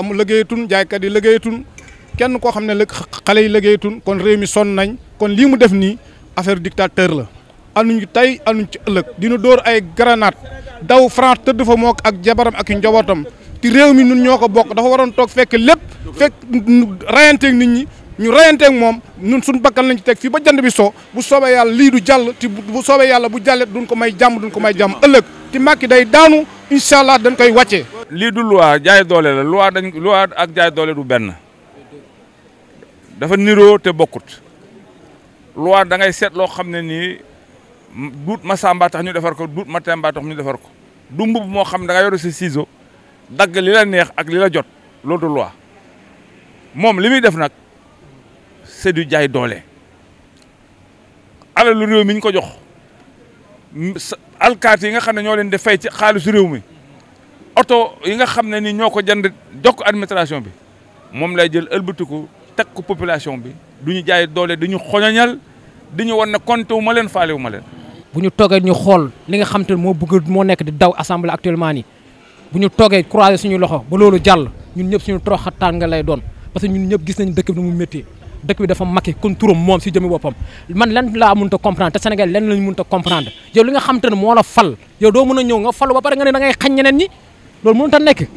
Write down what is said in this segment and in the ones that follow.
amul liggéeyatun jaaykat yi liggéeyatun kenn koo xam ne la xale yi liggéeyatun kon réew mi sonn nañ kon lii mu def nii affaire dictateur la anuñu tey anuñ ci ëllëg dina dóor ay grenade daw France tëdd fa mook ak jabaram ak i njabootam réew mi nun ñoo ko bokk dafa waroon toog fekk lépp fekk rayanteeg nit ñi ñu rayanteeg moom nun suñu bakkan lañ ci teg fii ba jant bi soo bu soobee yàlla lii du jàll te bu soobee yàlla bu jàllet duñ ko may jàmm duñ ko may jàmm ëllëg te Macky day incha allah dañ koy wàcce lii du loi jaay doole la loi dañ loi ak jaay doole du benn dafa niroo te bokkut loi da ngay seet loo xam ne nii duut ma samba tax ñu defar ko duut ma temba tax ñu defar ko du mbubb moo xam da nga yore sa ciseau dagg li neex ak li la jot loolu du loi moom li muy def nag c'est du jaay doole alal lu réew mi ko jox alkaati yi nga xam ne ñoo leen di fay ci xaalisu réew mi oto yi nga xam ne ni ñoo ko jënd jox ko administration bi moom lay jël ëlbatiku teg ko population bi du ñu jaay doole du ñu xoñoñal di ñu wan ne compte wu ma leen faale wu ma leen. bu ñu toogee ñu xool li nga xam te moo bëgg moo nekk di daw assemblée actuellement nii bu ñu toogee croiser suñu loxo ba loolu jàll ñun ñëpp suñu toroxataan nga lay doon parce que ñun ñëpp gis nañ dëkk bi nu mu métti dëkk bi dafa maké kon turum mom ci jëmi bopam man lan laa mënta comprendre te Sénégal lenn lañ mënta comprendre yow li nga xam tane mo la fal yow do mëna ñëw nga fal ba paré nga né da ngay xañ ñeneen ñi lool mënut a nekk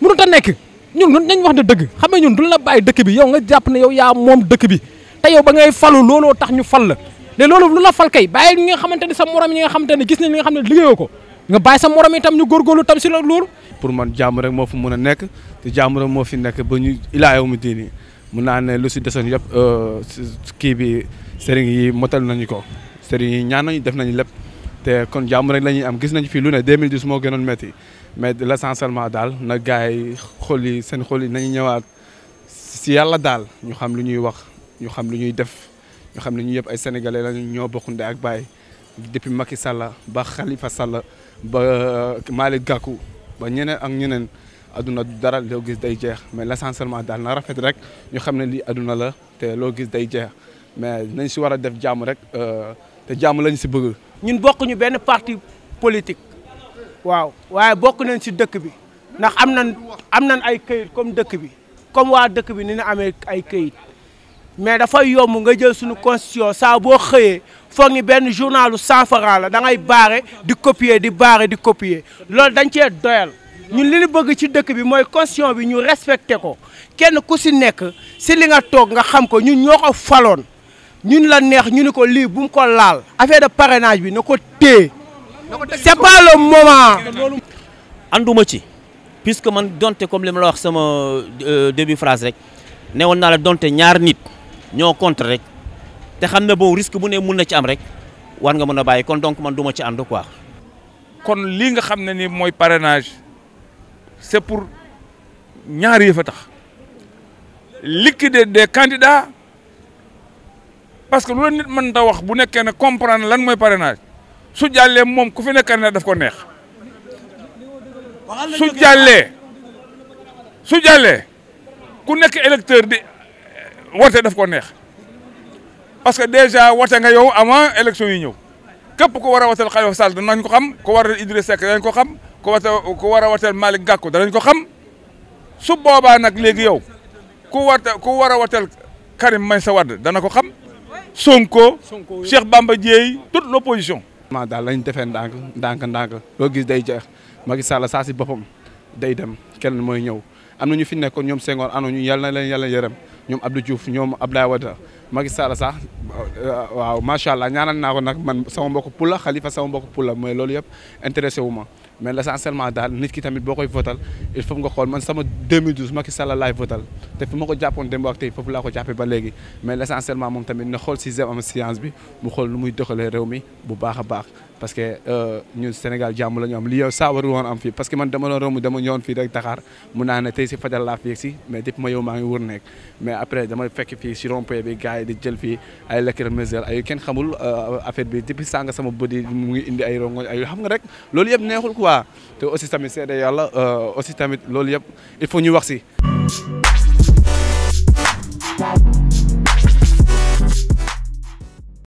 mënut a nekk ñun nañ wax de dëgg xam ñun duñ la bay dëkk bi yow nga japp né yow ya mom dëkk bi yow ba ngay falu loolo tax ñu fal la né loolu lu la fal kay bay li nga xamante ne sa morom yi nga xamante ne gis nañ li nga xam ne ko nga bay sa morom itam ñu góorgóorlu tam si lool pour man jamm rek mo fu mëna nekk te jamm rek mo fi nekk ba ñu ilaa mu naa ne lu si desoon yëpp euh, kii bi sëriñ yi motal nañu ko sëriñ yi ñaan nañu def nañu lépp te kon jàmm rek la am gis nañu fii lu ne 2010 moo gënoon métti mais l' essentiellement daal na gars yi xol yi seen xol yi nañu ñëwaat si yàlla daal ñu xam lu ñuy wax ñu xam lu ñuy def ñu xam ne ñu yëpp ay sénégalais lañu ñoo bokkundee ak baay depuis Macky Sall ba Khalifa Sall ba euh, Malick Gakou ba ñeneen ak ñeneen. aduna du dara loo gis day jeex mais l'essentiel daal na rafet rek ñu xam ne lii aduna la te loo gis day jeex mais nañ si war a def jàmm rek te jàmm lañ si bëgg. ñun bokk ñu benn parti politique waaw waaye bokk nañ si dëkk bi ndax am nañ am nañ ay këyit comme dëkk bi comme waa dëkk bi ni ñu amee ay këyit mais dafay yomb nga jël suñu constitution saa boo xëyee foog ni benn journalu cent francs la da ngay baare di copier di baare di copier loolu dañ cee doyal. ñun li ñu bëgg ci dëkk bi moy conscience bi ñu respecté ko kenn ku ci nekk ci li nga tok nga xam ko ñun ñoko ko ñun la neex ñu ni ko lii bu ko laal affaire de parrainage bi nako té. c'est pas le moment anduma ci puisque man donté comme li la wax sama euh, début phrase rek ne na la donté ñaar nit ñoo contre rek te xam ne risque bu né mun na ci am rek war nga mëna a kon donc man duma ci andu quoi kon li nga xamné ni moy parrainage c'est pour n'y arriver liquider des candidats parce que lu nit comprendre lan parrainage su jallé mom ku fi candidat daf ko neex su Si su jallé ku nekk électeur di eh, daf ko neex parce que déjà wote nga yow avant élection yi ñew képp ko wara ku wata war a wateel Malick Gakou danañ ko xam su boobaa nag léegi yow ku wata ku war a wateel Karim Meïssa Wade dana ko xam Sonko Cheikh Bamba Dièye toute l'opposition ma daal lañ defee ndànk ndànk ndànk loo gis day jeex Macky Sall saa si boppam day dem kenn mooy ñëw am na ñu fi nekkoon ñoom Senghor ano ñu yal na leen yàlla yërëm ñoom Abdou Diouf ñoom Abdoulaye Wade Macky Sall sax waaw macha allah ñaanal naa ko nag man sama mbokk pula Khalifa sama mbokk pula mooy loolu yëpp intéressé wu mais l'essentiellement daal nit ki tamit boo koy votal il faut nga xool man sama 2012 Macky Sall laay votal te fi ma ko jàppoon démb ak tey foofu laa ko jàppee ba léegi mais l'essentiellement moom tamit na xool sixième am science bi mu xool nu muy doxalee réew mi bu baax a baax parce que euh, ñu Sénégal jàmm la ñu am li yow saa waru am fii parce que man dama doon romb dama ñëwoon fii rek Dakar mun naa ne tey si fajar laa fi si mais depuis ma yow maa ngi wër nekk mais après dama fekk fi si rond bi gars yi di jël fii ay lacrymogène ay kenn xamul euh, affaire bi depuis sànq sama bët yi mu ngi indi ay rongoñ ay xam nga rek loolu yëpp neexul ko waa te aussi tamit seede yàlla euh, aussi tamit loolu yëpp il faut ñu wax si